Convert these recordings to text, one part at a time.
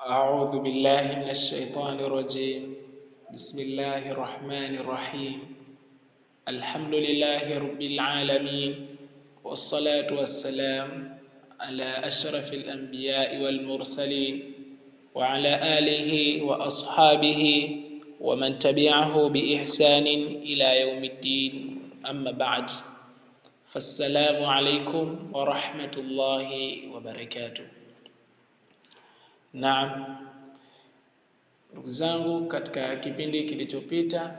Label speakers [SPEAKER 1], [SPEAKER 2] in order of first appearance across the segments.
[SPEAKER 1] أعوذ بالله من الشيطان الرجيم بسم الله الرحمن الرحيم الحمد لله رب العالمين والصلاة والسلام على أشرف الأنبياء والمرسلين وعلى آله وأصحابه ومن تبعه بإحسان إلى يوم الدين أما بعد فالسلام عليكم ورحمة الله وبركاته
[SPEAKER 2] Naam, ndugu zangu, katika kipindi kilichopita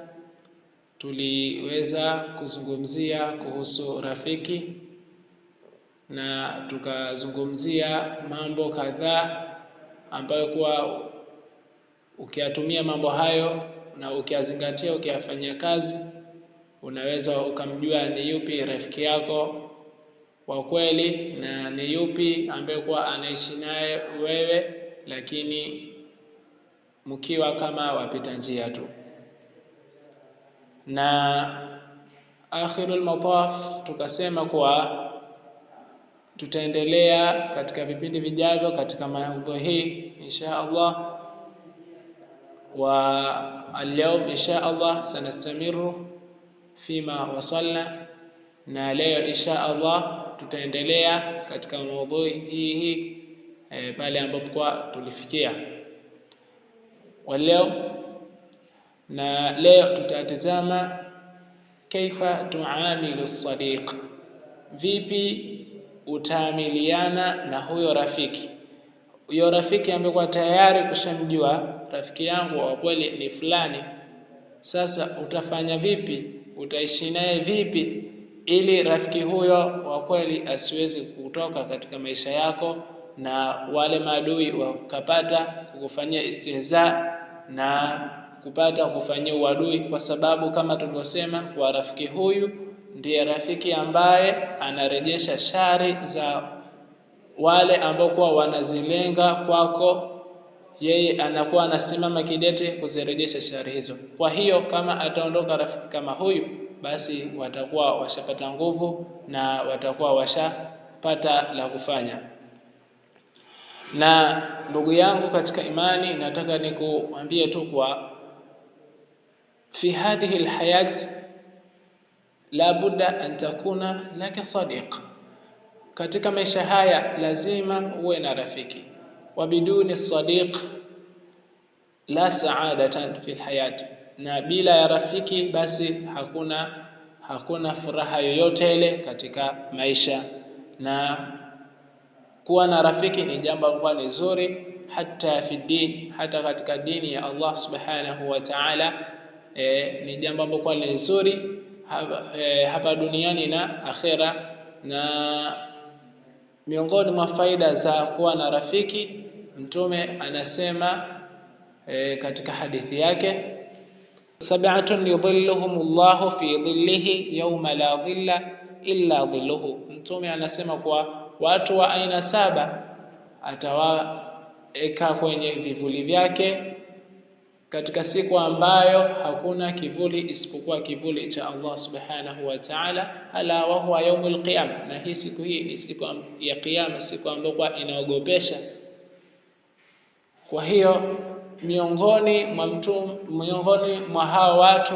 [SPEAKER 2] tuliweza kuzungumzia kuhusu rafiki na tukazungumzia mambo kadhaa ambayo kuwa ukiyatumia mambo hayo na ukiyazingatia, ukiyafanyia kazi, unaweza ukamjua ni yupi rafiki yako wa kweli na ni yupi ambaye kuwa anaishi naye wewe lakini mkiwa kama wapita njia tu. Na akhirul mataf tukasema kuwa tutaendelea katika vipindi vijavyo katika maudhui hii insha Allah, wa alyaum insha Allah sanastamiru fima wasalna, na leo insha Allah tutaendelea katika maudhui hii hii e, pale ambapo kwa tulifikia wa leo, na leo tutatazama kaifa tuamilu sadiq, vipi utaamiliana na huyo rafiki huyo rafiki ambaye kwa tayari kushamjua rafiki yangu wa kweli ni fulani. Sasa utafanya vipi? Utaishi naye vipi ili rafiki huyo wa kweli asiwezi kutoka katika maisha yako na wale maadui wakapata kukufanyia istihza na kupata kufanyia uadui, kwa sababu kama tulivyosema, kwa rafiki huyu ndiye rafiki ambaye anarejesha shari za wale ambao kwa wanazilenga kwako, yeye anakuwa anasimama kidete kuzirejesha shari hizo. Kwa hiyo kama ataondoka rafiki kama huyu, basi watakuwa washapata nguvu na watakuwa washapata la kufanya. Na ndugu yangu katika imani, nataka nikuambie tu kwa fi hadhihi alhayat la budda an takuna laka sadiq, katika maisha haya lazima uwe na rafiki. Wa biduni sadiq la saadatan fi alhayat, na bila ya rafiki basi hakuna hakuna furaha yoyote ile katika maisha na kuwa na rafiki ni jambo ambalo ni zuri hata fi din, hata katika dini ya Allah subhanahu wa ta'ala. E, ni jambo ambalo ni zuri hapa, e, hapa duniani na akhera. Na miongoni mwa faida za kuwa na rafiki, Mtume anasema e, katika hadithi yake sab'atun Allahu fi dhillihi yawma la dhilla illa dhilluhu. Mtume anasema kwa watu wa aina saba atawaweka kwenye vivuli vyake katika siku ambayo hakuna kivuli isipokuwa kivuli cha Allah subhanahu wa ta'ala, ala wa huwa yaumul qiyama. Na hii siku hii ni siku ya Kiyama, siku ambayo inaogopesha. Kwa hiyo miongoni mwa mtu miongoni mwa hawa watu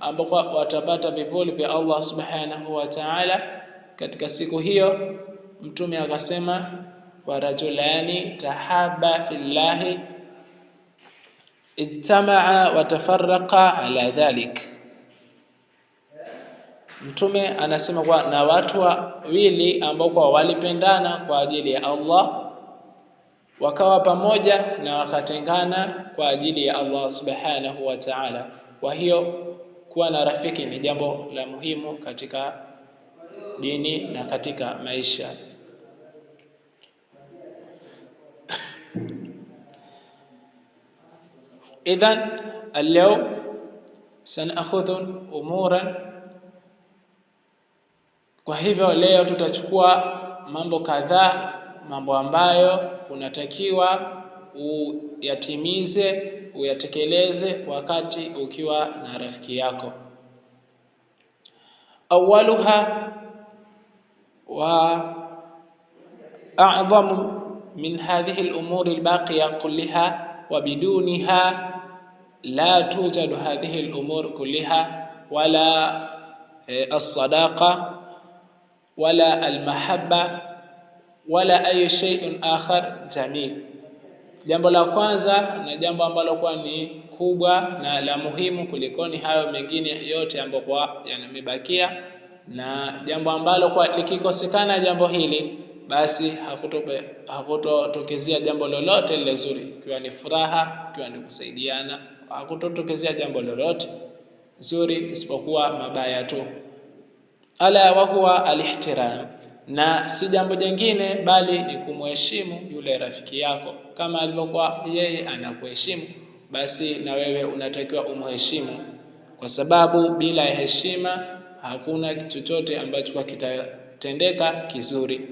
[SPEAKER 2] ambao watapata vivuli vya Allah subhanahu wa ta'ala katika siku hiyo Mtume akasema warajulani tahaba fillahi ijtamaa watafaraka ala dhalik. Mtume anasema kwa na watu wawili ambao kwa walipendana kwa ajili ya Allah wakawa pamoja na wakatengana kwa ajili ya Allah subhanahu wa ta'ala. Kwa hiyo kuwa na rafiki ni jambo la muhimu katika dini na katika maisha. Idhan اليوم yawm sanakhudhu umura, kwa hivyo leo tutachukua mambo kadhaa, mambo ambayo unatakiwa uyatimize uyatekeleze wakati ukiwa na rafiki yako. Awaluha wa a'zamu min hadhihi al-umuri al-baqiya kulliha wa biduniha la tujadu hadhihi al-umur kulliha wala e, as-sadaqa wala al-mahabba wala ay shay'in akhar jamil. Jambo la kwanza na jambo ambalo kwa ni kubwa na la muhimu kulikoni hayo mengine yote ambayo kwa yamebakia, na jambo ambalo kwa likikosekana jambo hili basi hakutotokezea jambo lolote lile zuri, ikiwa ni furaha, ikiwa ni kusaidiana hakutotokezea jambo lolote zuri isipokuwa mabaya tu. Ala huwa alihtiram, na si jambo jingine bali ni kumheshimu yule rafiki yako kama alivyokuwa yeye anakuheshimu, basi na wewe unatakiwa umheshimu, kwa sababu bila heshima hakuna chochote ambacho kitatendeka kizuri.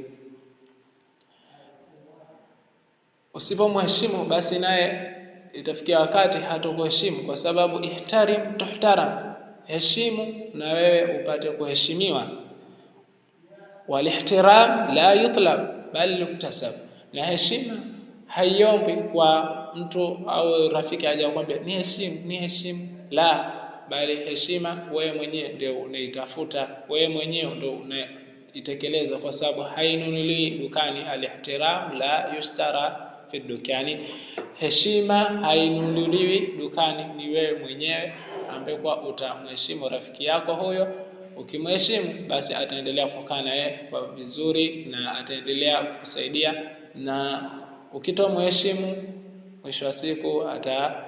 [SPEAKER 2] Usipomheshimu basi naye itafikia wakati hatokuheshimu, kwa sababu ihtarim tuhtaram, heshimu na wewe upate kuheshimiwa. Walihtiram la yutlab bali yuktasab, na heshima haiombi kwa mtu au rafiki aje akwambia ni heshimu ni heshimu, la bali heshima wewe mwenyewe ndio unaitafuta, wewe mwenyewe ndio unaitekeleza, kwa sababu hainunulii dukani. Alihtiram la yustara fi dukani, heshima hainunuliwi dukani, ni wewe mwenyewe ambaye kwa utamheshimu rafiki yako huyo. Ukimheshimu basi ataendelea kukaa naye kwa vizuri na ataendelea kusaidia na ukitomheshimu mwisho wa siku ata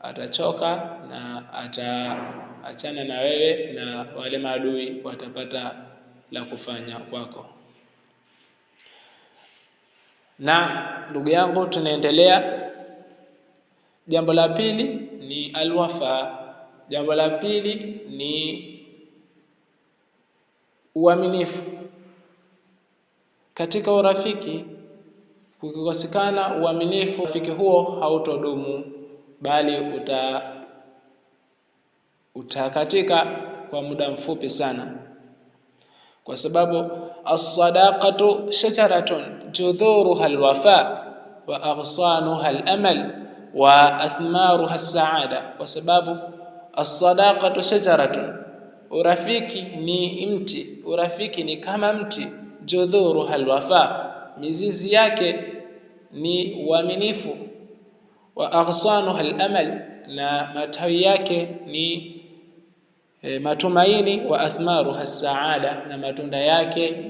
[SPEAKER 2] atachoka na ataachana na wewe na wale maadui watapata la kufanya kwako. Na ndugu yangu, tunaendelea. Jambo la pili ni alwafa. Jambo la pili ni uaminifu katika urafiki. kukikosekana uaminifu, urafiki huo hautodumu, bali uta utakatika kwa muda mfupi sana, kwa sababu as-sadaqatu shajaratun judhuruha alwafa wa aghsanuha alamal wa athmaruha alsaada, kwa sababu alsadaqatu shajaratun, urafiki ni mti, urafiki ni kama mti. Judhuruha alwafa, mizizi yake ni uaminifu. Wa aghsanuha alamal, na matawi yake ni e, matumaini. Wa athmaruha saada, na matunda yake ni